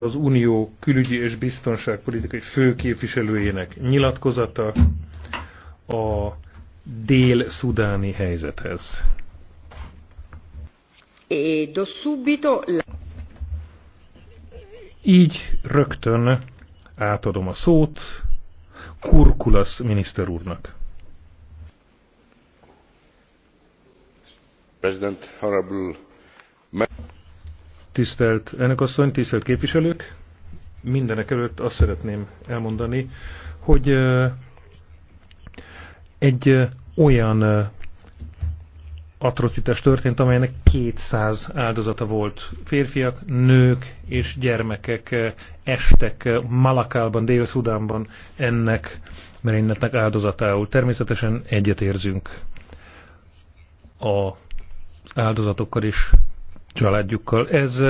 az Unió külügyi és biztonságpolitikai főképviselőjének nyilatkozata a dél-szudáni helyzethez. E Így rögtön átadom a szót Kurkulas miniszter úrnak. President, honorable Tisztelt elnökasszony, tisztelt képviselők! Mindenek előtt azt szeretném elmondani, hogy egy olyan atrocitás történt, amelynek 200 áldozata volt. Férfiak, nők és gyermekek estek Malakálban, Dél-Szudánban ennek merényletnek áldozatául. Természetesen egyetérzünk a áldozatokkal, is családjukkal. Ez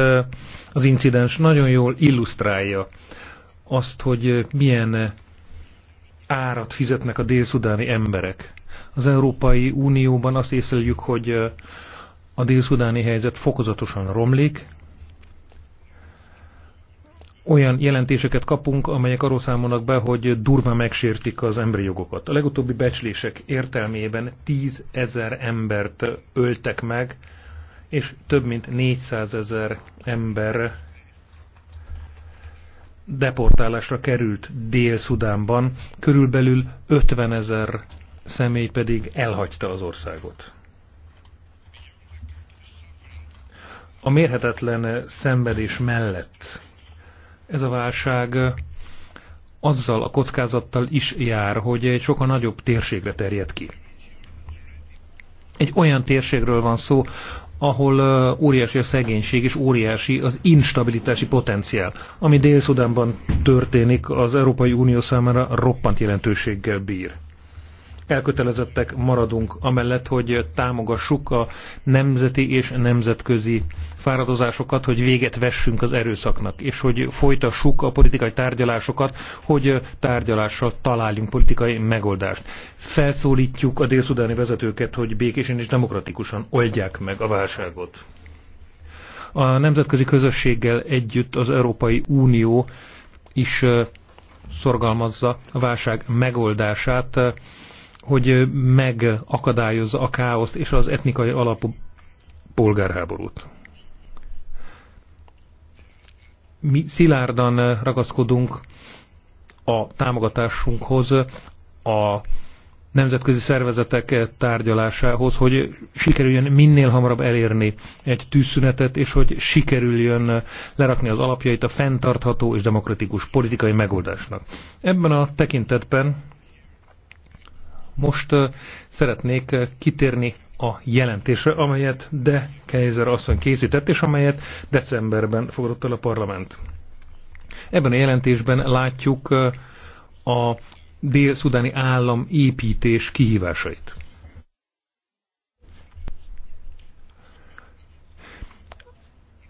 az incidens nagyon jól illusztrálja azt, hogy milyen árat fizetnek a délszudáni emberek. Az Európai Unióban azt észleljük, hogy a délszudáni helyzet fokozatosan romlik, olyan jelentéseket kapunk, amelyek arról számolnak be, hogy durván megsértik az emberi jogokat. A legutóbbi becslések értelmében 10 ezer embert öltek meg és több mint 400 ezer ember deportálásra került Dél-Szudánban, körülbelül 50 ezer személy pedig elhagyta az országot. A mérhetetlen szenvedés mellett ez a válság azzal a kockázattal is jár, hogy egy sokkal nagyobb térségre terjed ki. Egy olyan térségről van szó, ahol óriási a szegénység és óriási az instabilitási potenciál. Ami Dél-Szudánban történik, az Európai Unió számára roppant jelentőséggel bír elkötelezettek maradunk amellett, hogy támogassuk a nemzeti és nemzetközi fáradozásokat, hogy véget vessünk az erőszaknak, és hogy folytassuk a politikai tárgyalásokat, hogy tárgyalással találjunk politikai megoldást. Felszólítjuk a délszudáni vezetőket, hogy békésen és demokratikusan oldják meg a válságot. A nemzetközi közösséggel együtt az Európai Unió is szorgalmazza a válság megoldását, hogy megakadályozza a káoszt és az etnikai alapú polgárháborút. Mi szilárdan ragaszkodunk a támogatásunkhoz, a nemzetközi szervezetek tárgyalásához, hogy sikerüljön minél hamarabb elérni egy tűzszünetet, és hogy sikerüljön lerakni az alapjait a fenntartható és demokratikus politikai megoldásnak. Ebben a tekintetben most szeretnék kitérni a jelentésre, amelyet De Kaiser asszony készített, és amelyet decemberben fogadott el a parlament. Ebben a jelentésben látjuk a dél-szudáni állam építés kihívásait.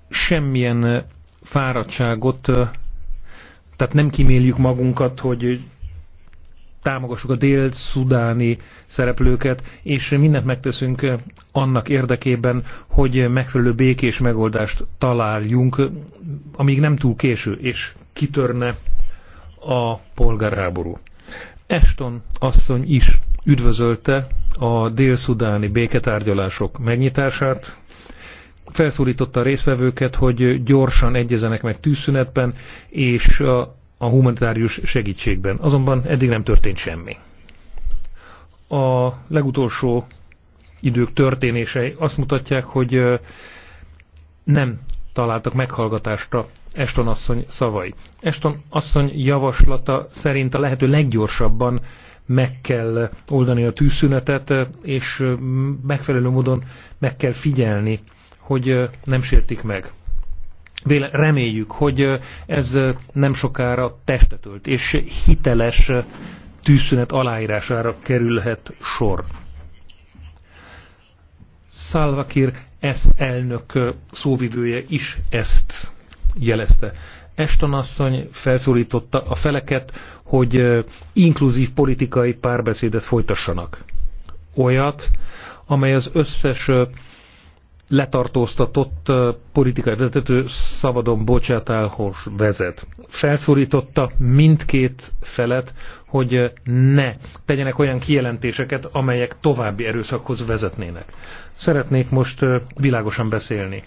Semmilyen fáradtságot, tehát nem kiméljük magunkat, hogy támogassuk a dél-szudáni szereplőket, és mindent megteszünk annak érdekében, hogy megfelelő békés megoldást találjunk, amíg nem túl késő, és kitörne a polgárháború. Eston asszony is üdvözölte a dél-szudáni béketárgyalások megnyitását, felszólította a résztvevőket, hogy gyorsan egyezenek meg tűzszünetben, és a a humanitárius segítségben. Azonban eddig nem történt semmi. A legutolsó idők történései azt mutatják, hogy nem találtak meghallgatásra Eston asszony szavai. Eston asszony javaslata szerint a lehető leggyorsabban meg kell oldani a tűzszünetet, és megfelelő módon meg kell figyelni, hogy nem sértik meg reméljük, hogy ez nem sokára testet ölt, és hiteles tűzszünet aláírására kerülhet sor. Szálvakir S. elnök szóvivője is ezt jelezte. Eston asszony felszólította a feleket, hogy inkluzív politikai párbeszédet folytassanak. Olyat, amely az összes letartóztatott politikai vezető szabadon bocsátához vezet. Felszólította mindkét felet, hogy ne tegyenek olyan kijelentéseket, amelyek további erőszakhoz vezetnének. Szeretnék most világosan beszélni.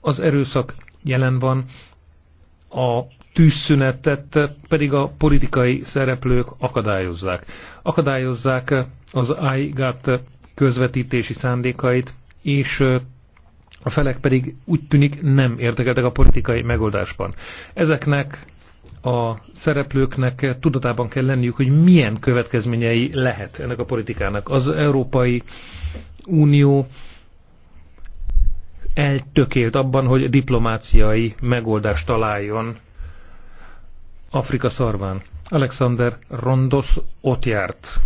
Az erőszak jelen van, a tűzszünetet pedig a politikai szereplők akadályozzák. Akadályozzák az IGAT közvetítési szándékait, és a felek pedig úgy tűnik nem érdekeltek a politikai megoldásban. Ezeknek a szereplőknek tudatában kell lenniük, hogy milyen következményei lehet ennek a politikának. Az Európai Unió eltökélt abban, hogy diplomáciai megoldást találjon Afrika szarván. Alexander Rondos ott járt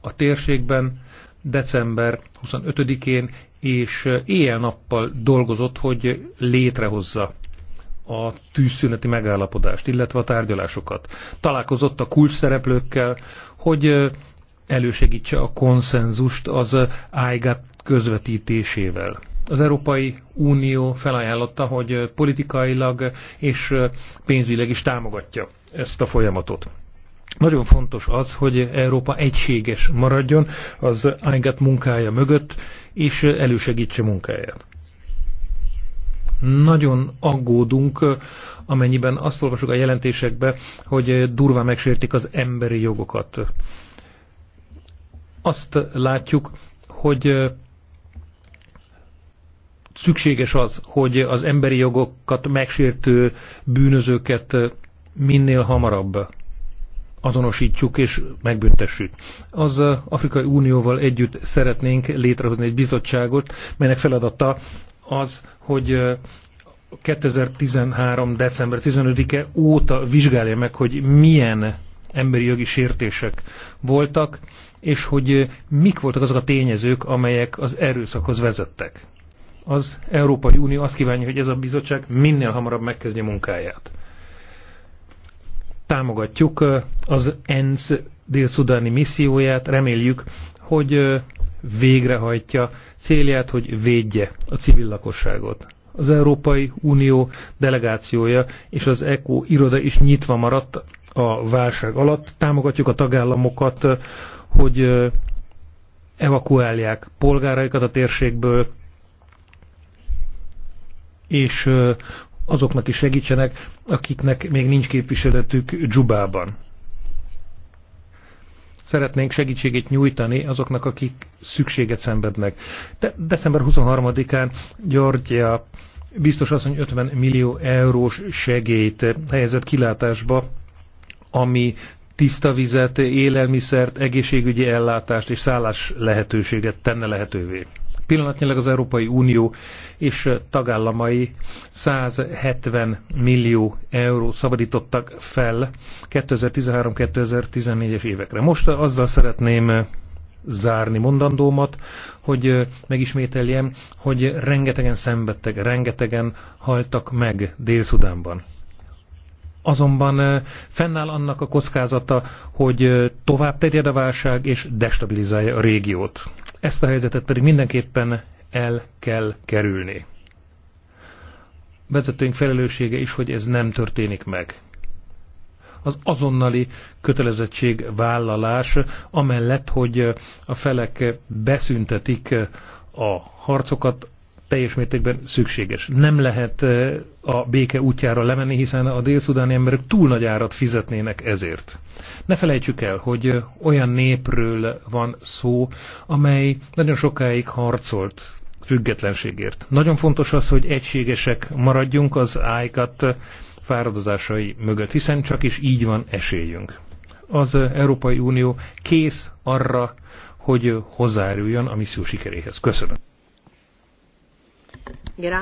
a térségben, december 25-én, és éjjel-nappal dolgozott, hogy létrehozza a tűzszüneti megállapodást, illetve a tárgyalásokat. Találkozott a szereplőkkel, hogy elősegítse a konszenzust az IGAT közvetítésével. Az Európai Unió felajánlotta, hogy politikailag és pénzügyileg is támogatja ezt a folyamatot. Nagyon fontos az, hogy Európa egységes maradjon az Eingat munkája mögött, és elősegítse munkáját. Nagyon aggódunk, amennyiben azt olvasok a jelentésekbe, hogy durván megsértik az emberi jogokat. Azt látjuk, hogy szükséges az, hogy az emberi jogokat megsértő bűnözőket minél hamarabb azonosítjuk és megbüntessük. Az Afrikai Unióval együtt szeretnénk létrehozni egy bizottságot, melynek feladata az, hogy 2013. december 15-e óta vizsgálja meg, hogy milyen emberi jogi sértések voltak, és hogy mik voltak azok a tényezők, amelyek az erőszakhoz vezettek. Az Európai Unió azt kívánja, hogy ez a bizottság minél hamarabb megkezdje munkáját támogatjuk az ENSZ dél-szudáni misszióját, reméljük, hogy végrehajtja célját, hogy védje a civil lakosságot. Az Európai Unió delegációja és az ECO iroda is nyitva maradt a válság alatt. Támogatjuk a tagállamokat, hogy evakuálják polgáraikat a térségből, és azoknak is segítsenek, akiknek még nincs képviseletük Dzsubában. Szeretnénk segítségét nyújtani azoknak, akik szükséget szenvednek. De december 23-án Georgia biztos asszony 50 millió eurós segélyt helyezett kilátásba, ami tiszta vizet, élelmiszert, egészségügyi ellátást és szállás lehetőséget tenne lehetővé. Pillanatnyilag az Európai Unió és tagállamai 170 millió euró szabadítottak fel 2013-2014-es évekre. Most azzal szeretném zárni mondandómat, hogy megismételjem, hogy rengetegen szenvedtek, rengetegen haltak meg Dél-Szudánban azonban fennáll annak a kockázata, hogy tovább terjed a válság és destabilizálja a régiót. Ezt a helyzetet pedig mindenképpen el kell kerülni. Vezetőink felelőssége is, hogy ez nem történik meg. Az azonnali kötelezettség vállalás, amellett, hogy a felek beszüntetik a harcokat, teljes mértékben szükséges. Nem lehet a béke útjára lemenni, hiszen a délszudáni emberek túl nagy árat fizetnének ezért. Ne felejtsük el, hogy olyan népről van szó, amely nagyon sokáig harcolt függetlenségért. Nagyon fontos az, hogy egységesek maradjunk az ájkat fáradozásai mögött, hiszen csak is így van esélyünk. Az Európai Unió kész arra, hogy hozzáruljon a misszió sikeréhez. Köszönöm most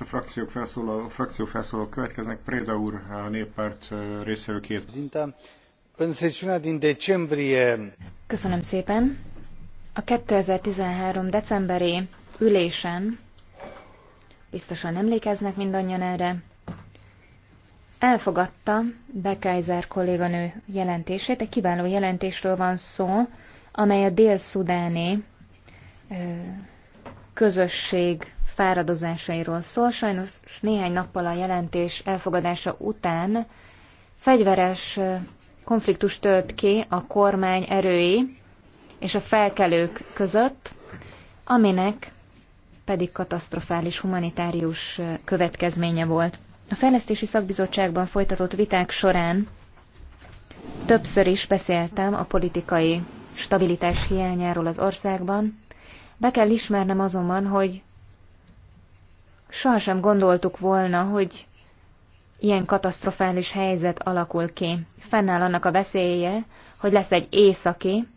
a frakciók következnek. úr, a néppárt részéről În sesiunea din decembrie. szépen. A 2013. decemberi ülésen, biztosan emlékeznek mindannyian erre, elfogadta Bekeizer kolléganő jelentését. Egy kiváló jelentésről van szó, amely a dél-szudáni közösség fáradozásairól szól. Sajnos néhány nappal a jelentés elfogadása után fegyveres konfliktus tölt ki a kormány erői és a felkelők között, aminek pedig katasztrofális humanitárius következménye volt. A Fejlesztési Szakbizottságban folytatott viták során többször is beszéltem a politikai stabilitás hiányáról az országban. Be kell ismernem azonban, hogy sohasem gondoltuk volna, hogy ilyen katasztrofális helyzet alakul ki. Fennáll annak a veszélye, hogy lesz egy északi,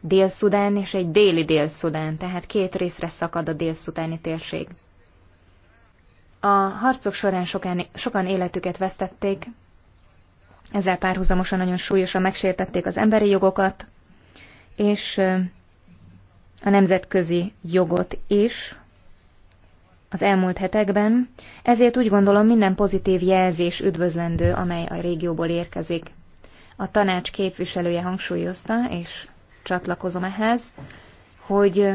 Dél-Szudán és egy déli Dél-Szudán, tehát két részre szakad a dél-szudáni térség. A harcok során sokan, sokan életüket vesztették, ezzel párhuzamosan nagyon súlyosan megsértették az emberi jogokat, és a nemzetközi jogot is az elmúlt hetekben, ezért úgy gondolom minden pozitív jelzés üdvözlendő, amely a régióból érkezik. A tanács képviselője hangsúlyozta, és csatlakozom ehhez, hogy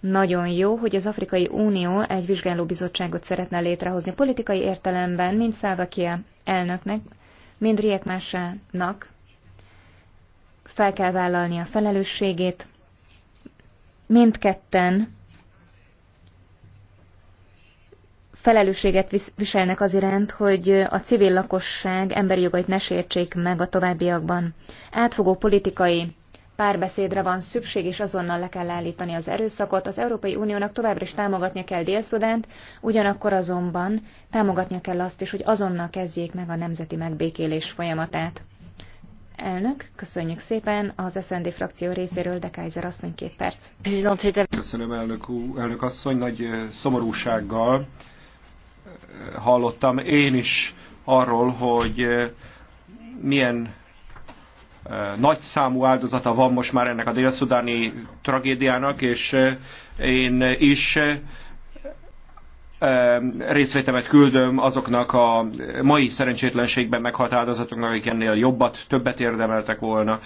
nagyon jó, hogy az Afrikai Unió egy vizsgálóbizottságot szeretne létrehozni politikai értelemben, mind Szávakia elnöknek, mind Riek Másának fel kell vállalni a felelősségét. Mindketten felelősséget viselnek az iránt, hogy a civil lakosság emberi jogait ne sértsék meg a továbbiakban. Átfogó politikai párbeszédre van szükség, és azonnal le kell állítani az erőszakot. Az Európai Uniónak továbbra is támogatnia kell dél ugyanakkor azonban támogatnia kell azt is, hogy azonnal kezdjék meg a nemzeti megbékélés folyamatát. Elnök, köszönjük szépen. Az SND frakció részéről de Kaiser asszony két perc. Köszönöm, elnök, úr, elnök asszony. Nagy szomorúsággal hallottam én is arról, hogy milyen nagy számú áldozata van most már ennek a délszudáni tragédiának, és én is részvétemet küldöm azoknak a mai szerencsétlenségben meghalt áldozatoknak, akik ennél jobbat, többet érdemeltek volna.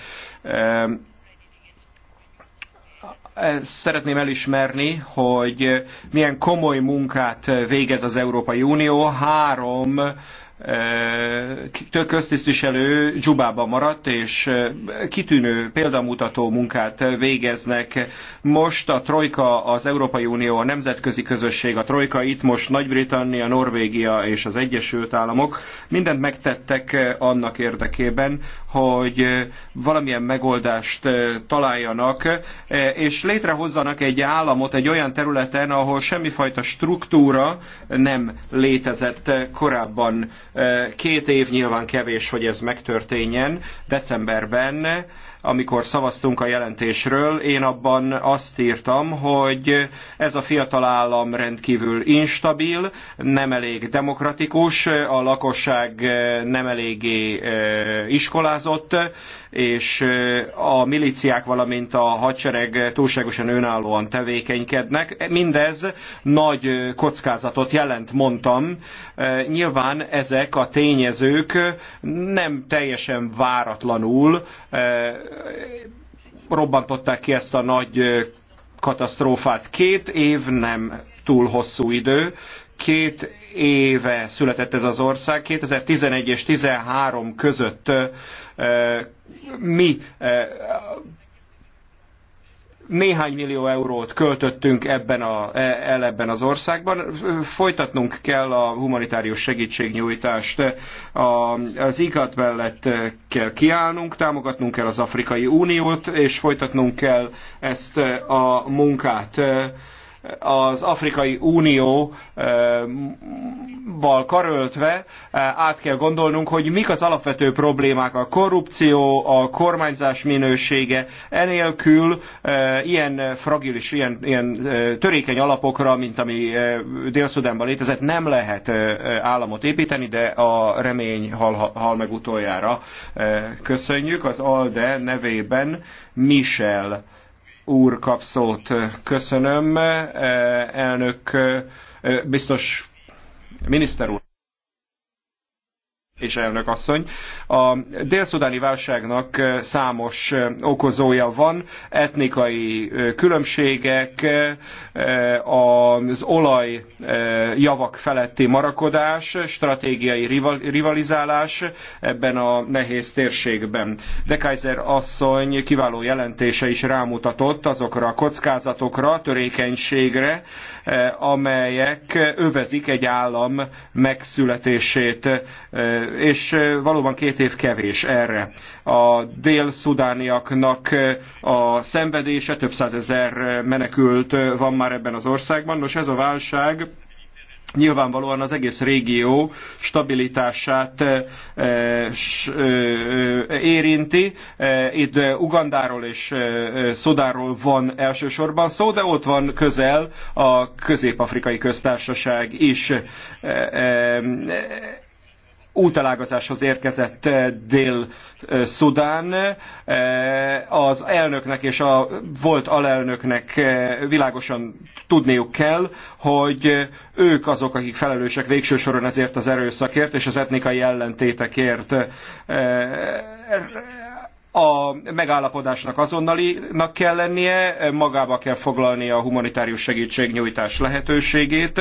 Szeretném elismerni, hogy milyen komoly munkát végez az Európai Unió. Három több köztisztviselő Dzsubában maradt, és kitűnő példamutató munkát végeznek. Most a Trojka, az Európai Unió, a nemzetközi közösség, a Trojka itt most Nagy-Britannia, Norvégia és az Egyesült Államok mindent megtettek annak érdekében, hogy valamilyen megoldást találjanak, és létrehozzanak egy államot egy olyan területen, ahol semmifajta struktúra nem létezett korábban Két év nyilván kevés, hogy ez megtörténjen. Decemberben amikor szavaztunk a jelentésről. Én abban azt írtam, hogy ez a fiatal állam rendkívül instabil, nem elég demokratikus, a lakosság nem eléggé eh, iskolázott, és eh, a miliciák, valamint a hadsereg túlságosan önállóan tevékenykednek. Mindez nagy eh, kockázatot jelent, mondtam. Nyilván ezek a tényezők nem teljesen váratlanul robbantották ki ezt a nagy katasztrófát. Két év nem túl hosszú idő, két éve született ez az ország, 2011 és 13 között mi néhány millió eurót költöttünk ebben a, e, el ebben az országban. Folytatnunk kell a humanitárius segítségnyújtást. A, az ikat mellett kell kiállnunk, támogatnunk kell az Afrikai Uniót, és folytatnunk kell ezt a munkát az Afrikai Unióval eh, karöltve eh, át kell gondolnunk, hogy mik az alapvető problémák, a korrupció, a kormányzás minősége, enélkül eh, ilyen fragilis, ilyen, ilyen törékeny alapokra, mint ami dél létezett, nem lehet államot építeni, de a remény hal, hal meg utoljára. Köszönjük az ALDE nevében Michel úr kap szót. Köszönöm, eh, elnök, eh, biztos miniszter úr és elnök asszony. A délszudáni válságnak számos okozója van, etnikai különbségek, az olaj javak feletti marakodás, stratégiai rivalizálás ebben a nehéz térségben. De Kaiser asszony kiváló jelentése is rámutatott azokra a kockázatokra, a törékenységre, amelyek övezik egy állam megszületését és valóban két év kevés erre. A dél-szudániaknak a szenvedése, több százezer menekült van már ebben az országban. Nos, ez a válság nyilvánvalóan az egész régió stabilitását érinti. Itt Ugandáról és Szodáról van elsősorban szó, de ott van közel a Közép-Afrikai Köztársaság is útelágazáshoz érkezett eh, Dél-Szudán. Eh, az elnöknek és a volt alelnöknek eh, világosan tudniuk kell, hogy ők azok, akik felelősek végső soron ezért az erőszakért és az etnikai ellentétekért a megállapodásnak azonnalinak kell lennie, magába kell foglalnia a humanitárius segítségnyújtás lehetőségét,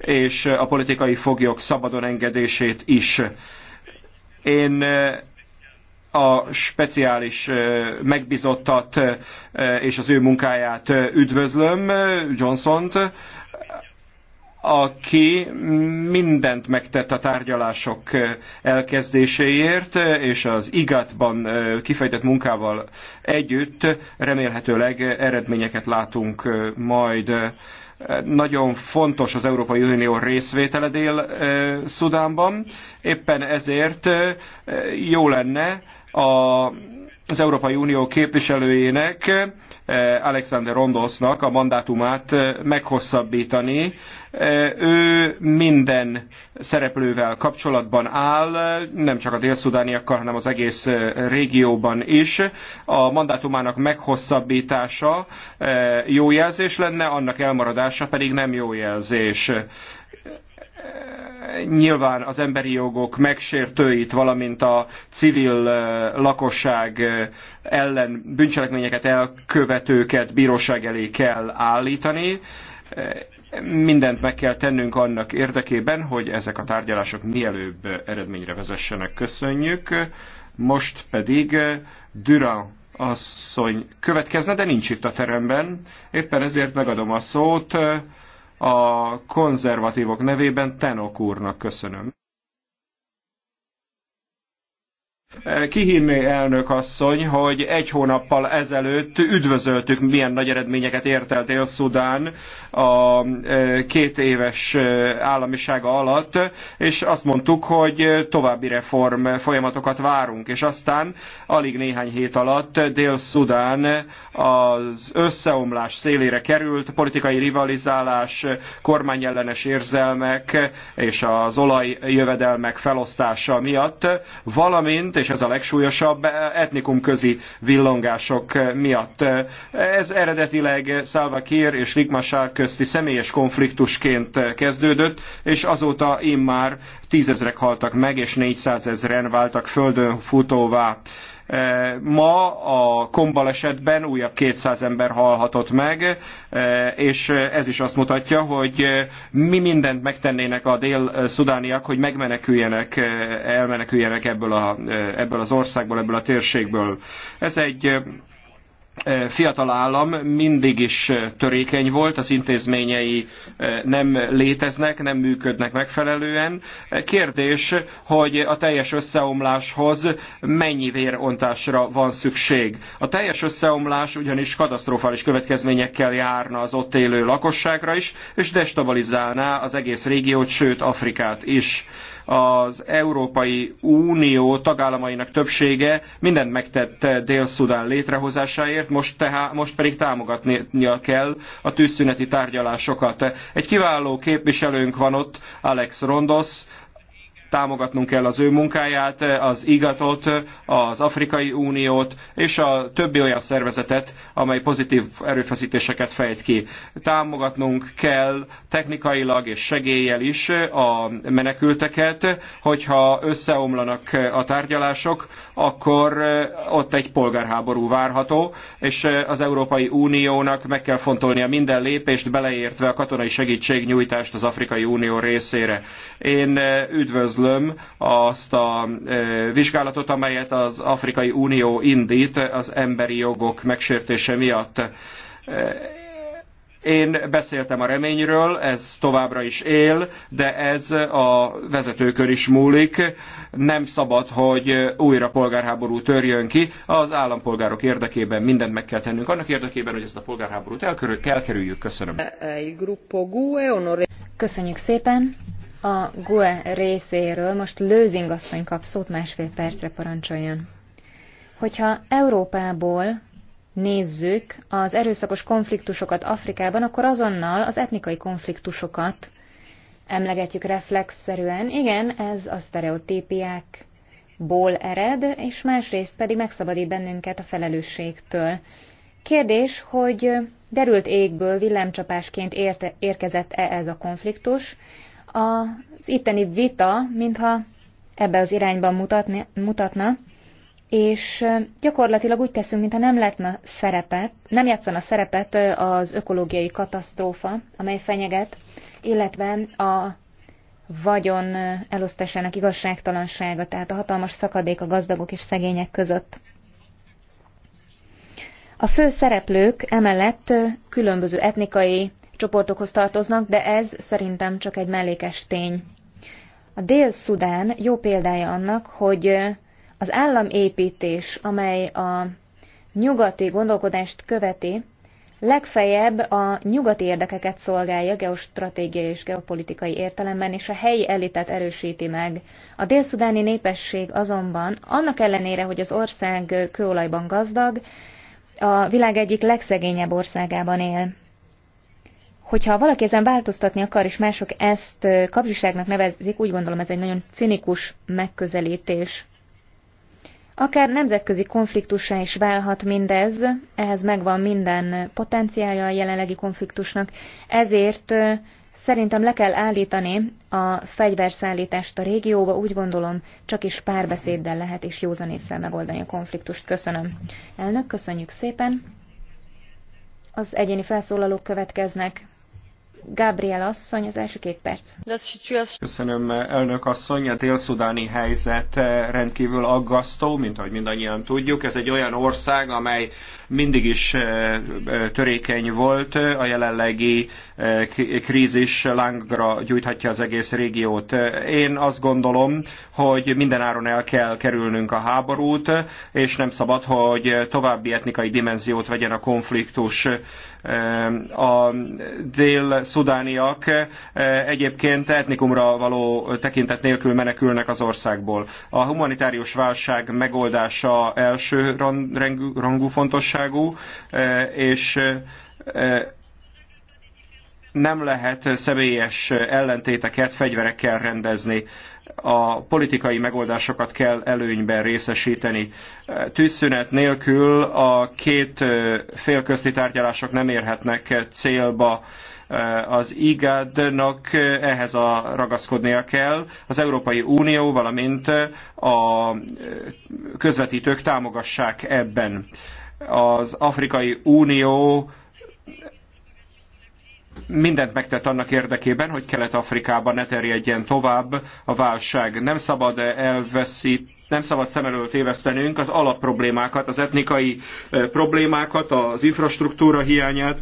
és a politikai foglyok szabadon engedését is. Én eh, a speciális eh, megbizottat eh, és az ő munkáját üdvözlöm, Johnson-t, aki mindent megtett a tárgyalások elkezdéséért, és az igatban kifejtett munkával együtt remélhetőleg eredményeket látunk majd nagyon fontos az Európai Unió részvétele Dél-Szudánban. Éppen ezért jó lenne a az Európai Unió képviselőjének, eh, Alexander Rondosnak a mandátumát eh, meghosszabbítani. Eh, ő minden szereplővel kapcsolatban áll, nem csak a délszudániakkal, hanem az egész régióban is. A mandátumának meghosszabbítása jó jelzés lenne, annak elmaradása pedig nem jó jelzés nyilván az emberi jogok megsértőit, valamint a civil lakosság ellen bűncselekményeket elkövetőket bíróság elé kell állítani. Mindent meg kell tennünk annak érdekében, hogy ezek a tárgyalások mielőbb eredményre vezessenek. Köszönjük. Most pedig Durand asszony következne, de nincs itt a teremben. Éppen ezért megadom a szót a konzervatívok nevében Tenok úrnak köszönöm. Kihinné elnök asszony, hogy egy hónappal ezelőtt üdvözöltük, milyen nagy eredményeket ért el Dél-Szudán a e, két éves e, államisága alatt, és azt mondtuk, hogy további reform folyamatokat várunk, és aztán alig néhány hét alatt Dél-Szudán az összeomlás szélére került, politikai rivalizálás, kormányellenes érzelmek és az olajjövedelmek felosztása miatt, valamint és ez a legsúlyosabb, eh, etnikumközi villongások eh, miatt. Eh, ez eredetileg Salva Kiir és Riek Machar közti személyes konfliktusként kezdődött, és azóta immár tízezrek haltak meg, és 400 ezren váltak földön futóvá. Eh, ma a kombalesetben újabb 200 ember halhatott meg, eh, és ez is azt mutatja, hogy eh, mi mindent megtennének a dél-szudániak, hogy megmeneküljenek, elmeneküljenek ebből, a, ebből az országból, ebből a térségből. Ez egy fiatal állam mindig is törékeny volt, az intézményei nem léteznek, nem működnek megfelelően. Kérdés, hogy a teljes összeomláshoz mennyi vérontásra van szükség. A teljes összeomlás ugyanis katasztrofális következményekkel járna az ott élő lakosságra is, és destabilizálná az egész régiót, sőt Afrikát is az Európai Unió tagállamainak többsége mindent megtett Dél-Szudán létrehozásáért, most, tehát, most pedig támogatnia kell a tűzszüneti tárgyalásokat. Egy kiváló képviselőnk van ott, Alex Rondos, támogatnunk kell az ő munkáját, az IGAT-ot, az Afrikai Uniót és a többi olyan szervezetet, amely pozitív erőfeszítéseket fejt ki. Támogatnunk kell technikailag és segéllyel is a menekülteket, hogyha összeomlanak a tárgyalások, akkor ott egy polgárháború várható, és az Európai Uniónak meg kell fontolnia minden lépést, beleértve a katonai segítségnyújtást az Afrikai Unió részére. Én üdvözlöm üdvözlöm azt a e, vizsgálatot, amelyet az Afrikai Unió indít az emberi jogok megsértése miatt. E, én beszéltem a reményről, ez továbbra is él, de ez a vezetőkön is múlik. Nem szabad, hogy újra polgárháború törjön ki. Az állampolgárok érdekében mindent meg kell tennünk. Annak érdekében, hogy ezt a polgárháborút elkerüljük. Köszönöm. E, Köszönjük szépen a GUE részéről most Lőzing asszony kap szót másfél percre parancsoljon. Hogyha Európából nézzük az erőszakos konfliktusokat Afrikában, akkor azonnal az etnikai konfliktusokat emlegetjük reflexzerűen. Igen, ez a ból ered, és másrészt pedig megszabadít bennünket a felelősségtől. Kérdés, hogy derült égből villámcsapásként érte, érkezett-e ez a konfliktus, az itteni vita, mintha ebbe az irányban mutatni, mutatna, és gyakorlatilag úgy teszünk, mintha nem lett szerepet, nem játszana szerepet az ökológiai katasztrófa, amely fenyeget, illetve a vagyon elosztásának igazságtalansága, tehát a hatalmas szakadék a gazdagok és szegények között. A fő szereplők emellett különböző etnikai csoportokhoz tartoznak, de ez szerintem csak egy mellékes tény. A Dél-Szudán jó példája annak, hogy az államépítés, amely a nyugati gondolkodást követi, legfeljebb a nyugati érdekeket szolgálja geostratégiai és geopolitikai értelemben, és a helyi elitet erősíti meg. A délszudáni népesség azonban, annak ellenére, hogy az ország kőolajban gazdag, a világ egyik legszegényebb országában él hogyha valaki ezen változtatni akar, és mások ezt kapzsiságnak nevezik, úgy gondolom ez egy nagyon cinikus megközelítés. Akár nemzetközi konfliktussá is válhat mindez, ehhez megvan minden potenciálja a jelenlegi konfliktusnak, ezért szerintem le kell állítani a fegyverszállítást a régióba, úgy gondolom, csak is párbeszéddel lehet és észre megoldani a konfliktust. Köszönöm. Elnök, köszönjük szépen. Az egyéni felszólalók következnek. Gabriel asszony, az első két perc. Köszönöm, elnök asszony. A dél helyzet eh, rendkívül aggasztó, mint ahogy mindannyian tudjuk. Ez egy olyan ország, amely mindig is eh, eh, törékeny volt a jelenlegi krízis lángra gyújthatja az egész régiót. Én azt gondolom, hogy mindenáron el kell kerülnünk a háborút, és nem szabad, hogy további etnikai dimenziót vegyen a konfliktus a dél-szudániak egyébként etnikumra való tekintet nélkül menekülnek az országból. A humanitárius válság megoldása első rangú fontosságú, és nem lehet személyes ellentéteket fegyverekkel rendezni. A politikai megoldásokat kell előnyben részesíteni. Tűzszünet nélkül a két félközti tárgyalások nem érhetnek célba az IGAD-nak ehhez a ragaszkodnia kell, az Európai Unió, valamint a közvetítők támogassák ebben. Az Afrikai Unió mindent megtett annak érdekében, hogy Kelet-Afrikában ne terjedjen tovább a válság. Nem szabad elveszít, nem szabad szem elől tévesztenünk az alapproblémákat, az etnikai problémákat, az infrastruktúra hiányát,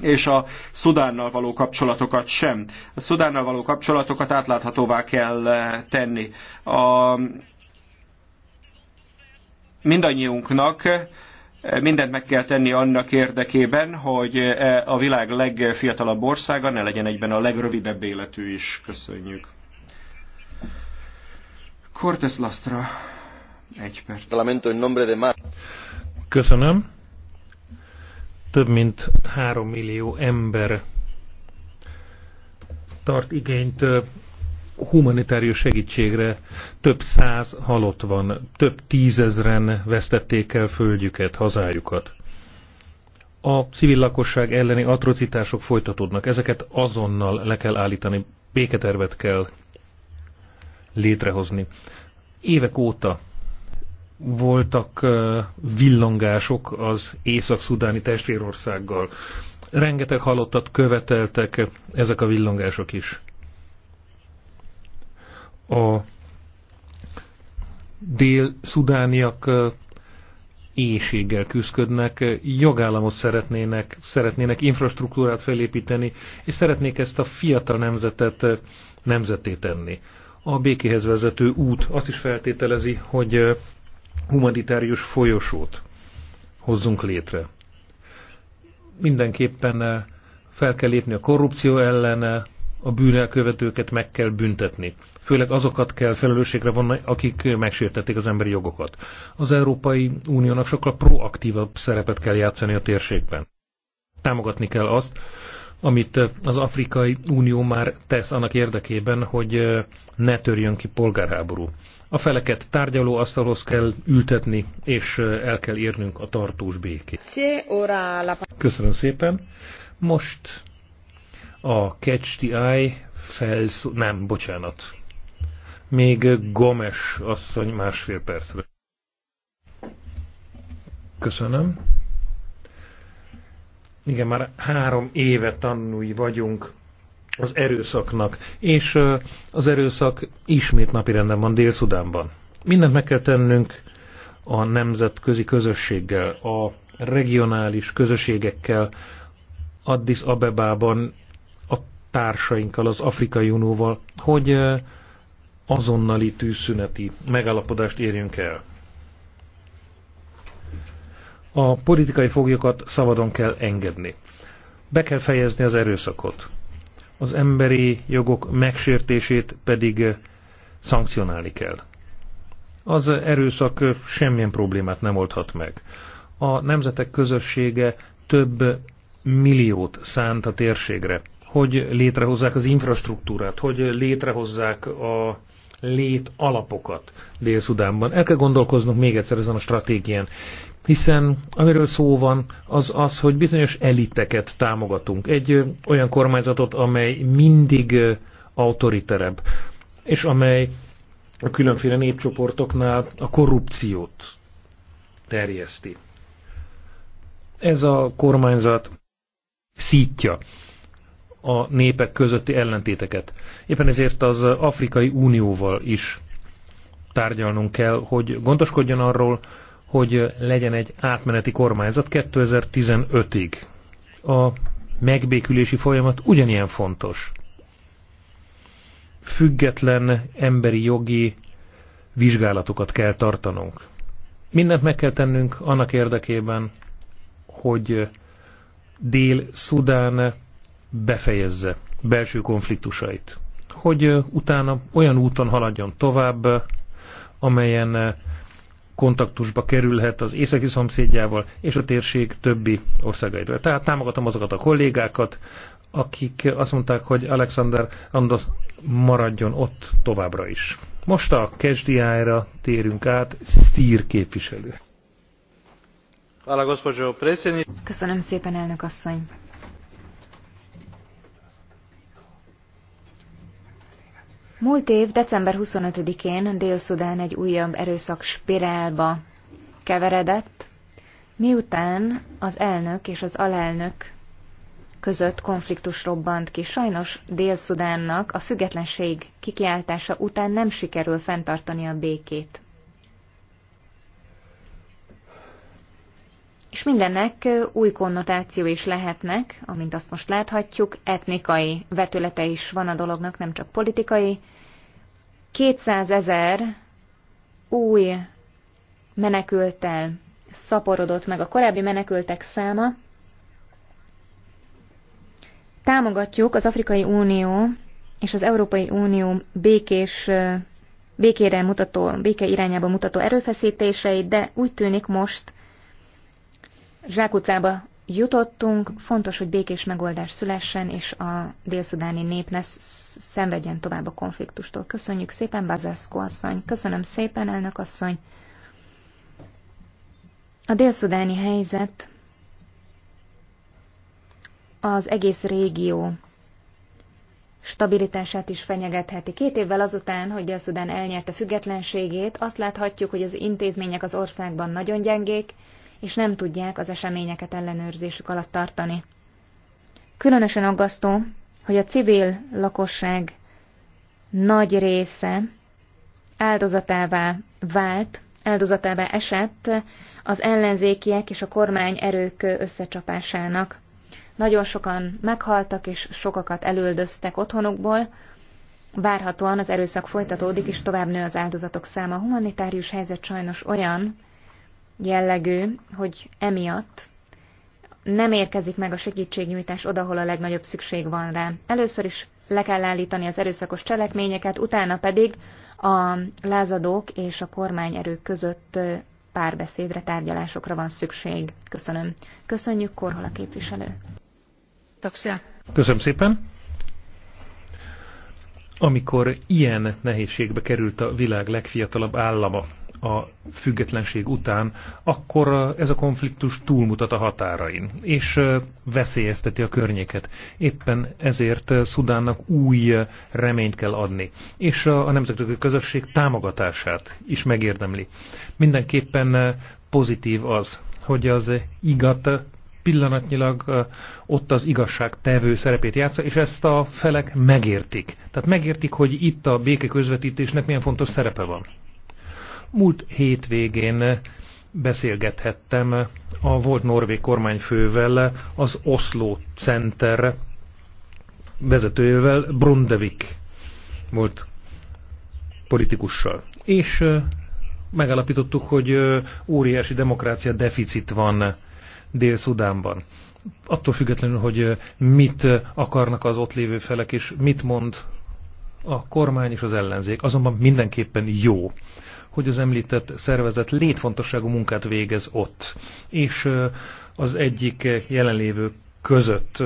és a Szudánnal való kapcsolatokat sem. A Szudánnal való kapcsolatokat átláthatóvá kell tenni. A, mindannyiunknak Mindent meg kell tenni annak érdekében, hogy eh, a világ legfiatalabb országa ne legyen egyben a legrövidebb életű is. Köszönjük. Cortes Lastra, egy perc. Köszönöm. Több mint három millió ember tart igényt eh, humanitárius segítségre több száz halott van, több tízezren vesztették el földjüket, hazájukat. A civil lakosság elleni atrocitások folytatódnak, ezeket azonnal le kell állítani, béketervet kell létrehozni. Évek óta voltak villangások az észak-szudáni testvérországgal. Rengeteg halottat követeltek ezek a villangások is a dél-szudániak éjséggel küzdködnek, jogállamot szeretnének, szeretnének infrastruktúrát felépíteni, és szeretnék ezt a fiatal nemzetet nemzeté tenni. A békéhez vezető út azt is feltételezi, hogy humanitárius folyosót hozzunk létre. Mindenképpen fel kell lépni a korrupció ellen, a bűnelkövetőket meg kell büntetni. Főleg azokat kell felelősségre vonni, akik megsértették az emberi jogokat. Az Európai Uniónak sokkal proaktívabb szerepet kell játszani a térségben. Támogatni kell azt, amit az Afrikai Unió már tesz annak érdekében, hogy ne törjön ki polgárháború. A feleket tárgyaló asztalhoz kell ültetni, és el kell érnünk a tartós békét. Köszönöm szépen. Most a Catch the Eye felsz... Nem, bocsánat. Még Gomes asszony másfél percre. Köszönöm. Igen, már három éve tanulni vagyunk az erőszaknak, és az erőszak ismét napirenden van Dél-Szudánban. Mindent meg kell tennünk a nemzetközi közösséggel, a regionális közösségekkel, Addis Abebában társainkkal, az Afrikai Unióval, hogy azonnali tűzszüneti megállapodást érjünk el. A politikai foglyokat szabadon kell engedni. Be kell fejezni az erőszakot. Az emberi jogok megsértését pedig szankcionálni kell. Az erőszak semmilyen problémát nem oldhat meg. A nemzetek közössége több milliót szánt a térségre hogy létrehozzák az infrastruktúrát, hogy létrehozzák a lét alapokat Dél-Szudánban. El kell gondolkoznunk még egyszer ezen a stratégián, hiszen amiről szó van, az az, hogy bizonyos eliteket támogatunk. Egy olyan kormányzatot, amely mindig autoriterebb, és amely a különféle népcsoportoknál a korrupciót terjeszti. Ez a kormányzat szítja a népek közötti ellentéteket. Éppen ezért az Afrikai Unióval is tárgyalnunk kell, hogy gondoskodjon arról, hogy legyen egy átmeneti kormányzat 2015-ig. A megbékülési folyamat ugyanilyen fontos. Független emberi jogi vizsgálatokat kell tartanunk. Mindent meg kell tennünk annak érdekében, hogy Dél-Szudán befejezze belső konfliktusait, hogy utána olyan úton haladjon tovább, amelyen kontaktusba kerülhet az északi szomszédjával és a térség többi országaival. Tehát támogatom azokat a kollégákat, akik azt mondták, hogy Alexander Andos maradjon ott továbbra is. Most a kezdiájra térünk át, Stír képviselő. Köszönöm szépen, elnök asszony. Múlt év december 25-én Dél-Szudán egy újabb erőszak spirálba keveredett, miután az elnök és az alelnök között konfliktus robbant ki. Sajnos Dél-Szudánnak a függetlenség kikiáltása után nem sikerül fenntartani a békét. és mindennek új konnotáció is lehetnek, amint azt most láthatjuk, etnikai vetülete is van a dolognak, nem csak politikai. 200 ezer új menekültel szaporodott meg a korábbi menekültek száma. Támogatjuk az Afrikai Unió és az Európai Unió békés, békére mutató, béke irányába mutató erőfeszítéseit, de úgy tűnik most, zsákutcába jutottunk, fontos, hogy békés megoldás szülessen, és a délszudáni nép ne szenvedjen tovább a konfliktustól. Köszönjük szépen, Bazászko asszony. Köszönöm szépen, elnök asszony. A délszudáni helyzet az egész régió stabilitását is fenyegetheti. Két évvel azután, hogy Dél-Szudán elnyerte függetlenségét, azt láthatjuk, hogy az intézmények az országban nagyon gyengék, és nem tudják az eseményeket ellenőrzésük alatt tartani. Különösen aggasztó, hogy a civil lakosság nagy része áldozatává vált, áldozatává esett az ellenzékiek és a kormány erők összecsapásának. Nagyon sokan meghaltak, és sokakat elüldöztek otthonukból, Várhatóan az erőszak folytatódik, és tovább nő az áldozatok száma. A humanitárius helyzet sajnos olyan, jellegű, hogy emiatt nem érkezik meg a segítségnyújtás oda, ahol a legnagyobb szükség van rá. Először is le kell állítani az erőszakos cselekményeket, utána pedig a lázadók és a kormányerők között párbeszédre, tárgyalásokra van szükség. Köszönöm. Köszönjük, Korhol a képviselő. Köszönöm szépen. Amikor ilyen nehézségbe került a világ legfiatalabb állama, a függetlenség után, akkor eh, ez a konfliktus túlmutat a határain, és eh, veszélyezteti a környéket. Éppen ezért eh, Szudánnak új reményt kell adni, és a nemzetközi közösség támogatását is megérdemli. Mindenképpen pozitív az, hogy az igat pillanatnyilag ott az igazság tevő szerepét játsza, és ezt a felek megértik. Tehát megértik, hogy itt a béke közvetítésnek milyen fontos szerepe van. Múlt hétvégén beszélgethettem a volt norvég kormányfővel, az Oslo Center vezetőjével, Brundevik volt politikussal. És megállapítottuk, hogy óriási demokrácia deficit van Dél-Szudánban. Attól függetlenül, hogy mit akarnak az ott lévő felek, és mit mond a kormány és az ellenzék, azonban mindenképpen jó, hogy az említett szervezet létfontosságú munkát végez ott. És az egyik jelenlévő között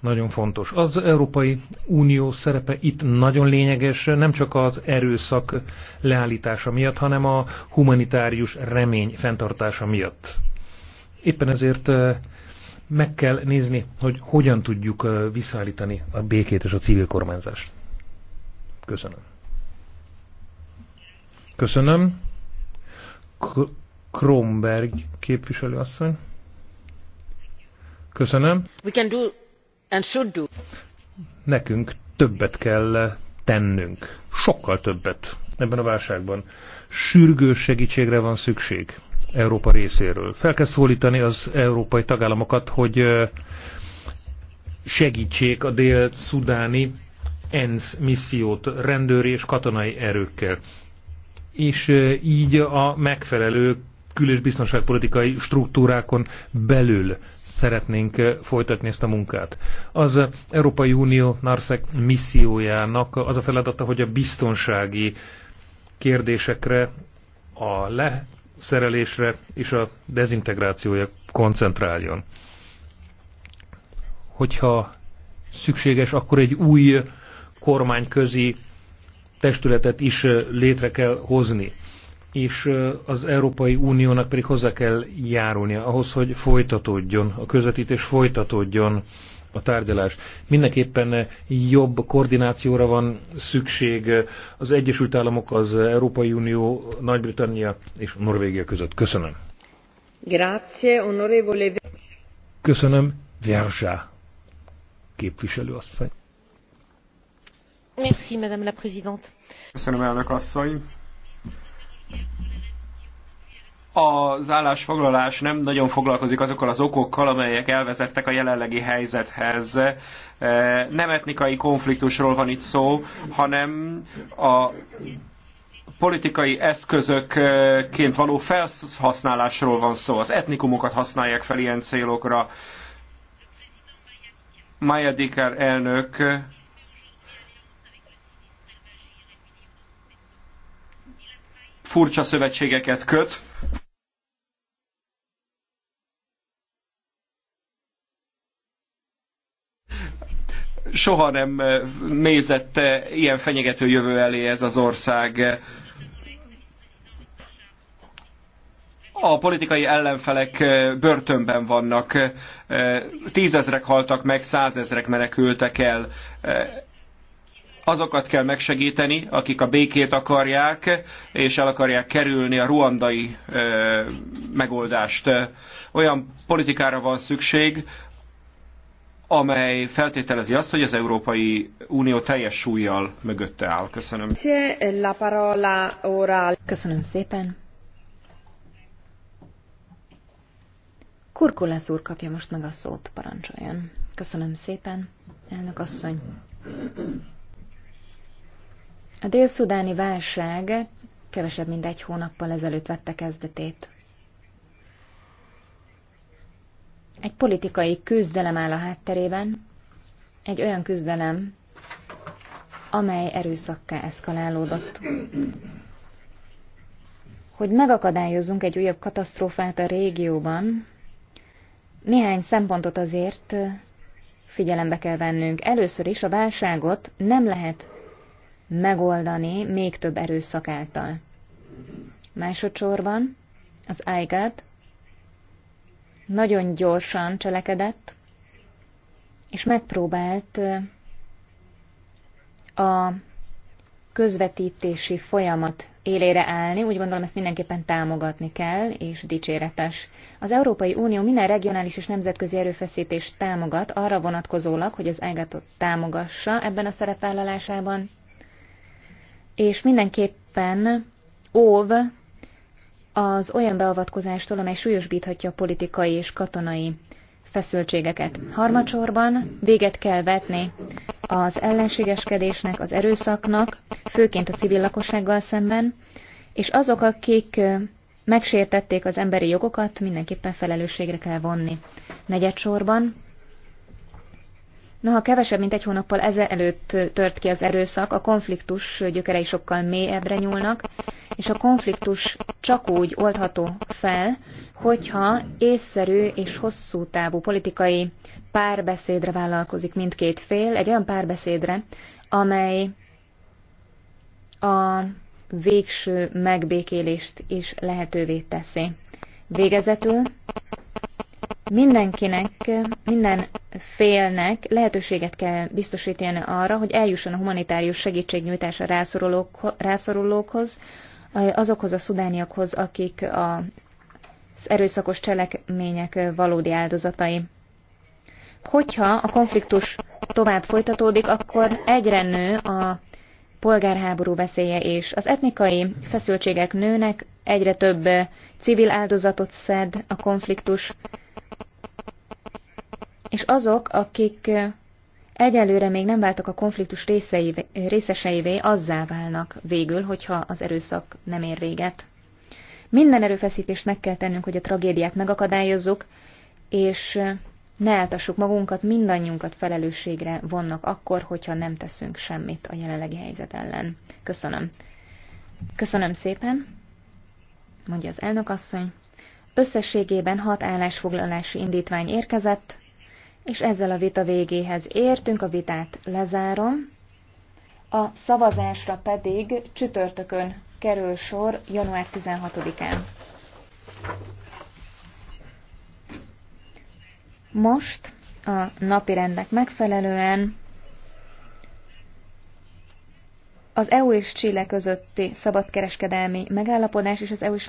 nagyon fontos. Az Európai Unió szerepe itt nagyon lényeges, nem csak az erőszak leállítása miatt, hanem a humanitárius remény fenntartása miatt. Éppen ezért meg kell nézni, hogy hogyan tudjuk visszaállítani a békét és a civil kormányzást. Köszönöm. Köszönöm. képviselő képviselőasszony. Köszönöm. We can do and should do. Nekünk többet kell tennünk. Sokkal többet ebben a válságban. Sürgős segítségre van szükség Európa részéről. Fel kell szólítani az európai tagállamokat, hogy segítsék a dél-szudáni ENSZ missziót rendőri és katonai erőkkel és így a megfelelő kül- és biztonságpolitikai struktúrákon belül szeretnénk folytatni ezt a munkát. Az Európai Unió NARSEC missziójának az a feladata, hogy a biztonsági kérdésekre, a leszerelésre és a dezintegrációja koncentráljon. Hogyha szükséges, akkor egy új kormányközi testületet is létre kell hozni, és az Európai Uniónak pedig hozzá kell járulnia ahhoz, hogy folytatódjon a közvetítés, folytatódjon a tárgyalás. Mindenképpen jobb koordinációra van szükség az Egyesült Államok, az Európai Unió, Nagy-Britannia és Norvégia között. Köszönöm. Grazie, onorevole. Köszönöm, Verzsá képviselőasszony. Madame la Présidente. Köszönöm, elnök asszony. Az állásfoglalás nem nagyon foglalkozik azokkal az okokkal, amelyek elvezettek a jelenlegi helyzethez. E, nem etnikai konfliktusról van itt szó, hanem a politikai eszközökként való felhasználásról van szó. Az etnikumokat használják fel ilyen célokra. Maya Dicker elnök furcsa szövetségeket köt. Soha nem eh, nézett eh, ilyen fenyegető jövő elé ez az ország. a politikai ellenfelek eh, börtönben vannak, tízezrek haltak meg, százezrek menekültek el azokat kell megsegíteni, akik a békét akarják, és el akarják kerülni a ruandai megoldást. Olyan politikára van szükség, amely feltételezi azt, hogy az Európai Unió teljes súlyjal mögötte áll. Köszönöm. Köszönöm szépen. Kurkulász úr kapja most meg a szót, parancsoljon. Köszönöm szépen, elnök asszony. A dél-szudáni válság kevesebb mint egy hónappal ezelőtt vette kezdetét. Egy politikai küzdelem áll a hátterében, egy olyan küzdelem, amely erőszakká eszkalálódott. Hogy megakadályozzunk egy újabb katasztrófát a régióban, néhány szempontot azért figyelembe kell vennünk. Először is a válságot nem lehet megoldani még több erőszak által. Másodszorban az IGAD nagyon gyorsan cselekedett, és megpróbált a közvetítési folyamat élére állni, úgy gondolom ezt mindenképpen támogatni kell, és dicséretes. Az Európai Unió minden regionális és nemzetközi erőfeszítést támogat arra vonatkozólag, hogy az ágatot támogassa ebben a szerepvállalásában, és mindenképpen óv az olyan beavatkozástól, amely súlyosbíthatja a politikai és katonai feszültségeket. Harmadsorban véget kell vetni az ellenségeskedésnek, az erőszaknak, főként a civil lakossággal szemben, és azok, akik megsértették az emberi jogokat, mindenképpen felelősségre kell vonni. Negyedsorban Noha kevesebb, mint egy hónappal ezelőtt tört ki az erőszak, a konfliktus gyökerei sokkal mélyebbre nyúlnak, és a konfliktus csak úgy oldható fel, hogyha észszerű és hosszú távú politikai párbeszédre vállalkozik mindkét fél, egy olyan párbeszédre, amely a végső megbékélést is lehetővé teszi. Végezetül mindenkinek, minden félnek lehetőséget kell biztosítani arra, hogy eljusson a humanitárius segítségnyújtás a rászorulók, rászorulókhoz, azokhoz a szudániakhoz, akik a, az erőszakos cselekmények valódi áldozatai. Hogyha a konfliktus tovább folytatódik, akkor egyre nő a polgárháború veszélye is. Az etnikai feszültségek nőnek, egyre több civil áldozatot szed a konfliktus, és azok, akik egyelőre még nem váltak a konfliktus részei részeseivé, azzá válnak végül, hogyha az erőszak nem ér véget. Minden erőfeszítést meg kell tennünk, hogy a tragédiát megakadályozzuk, és ne eltassuk magunkat, mindannyiunkat felelősségre vonnak akkor, hogyha nem teszünk semmit a jelenlegi helyzet ellen. Köszönöm. Köszönöm szépen, mondja az elnökasszony. Összességében hat állásfoglalási indítvány érkezett, és ezzel a vita végéhez értünk, a vitát lezárom. A szavazásra pedig csütörtökön kerül sor január 16-án. Most a napi rendnek megfelelően az EU és Chile közötti szabadkereskedelmi megállapodás és az EU és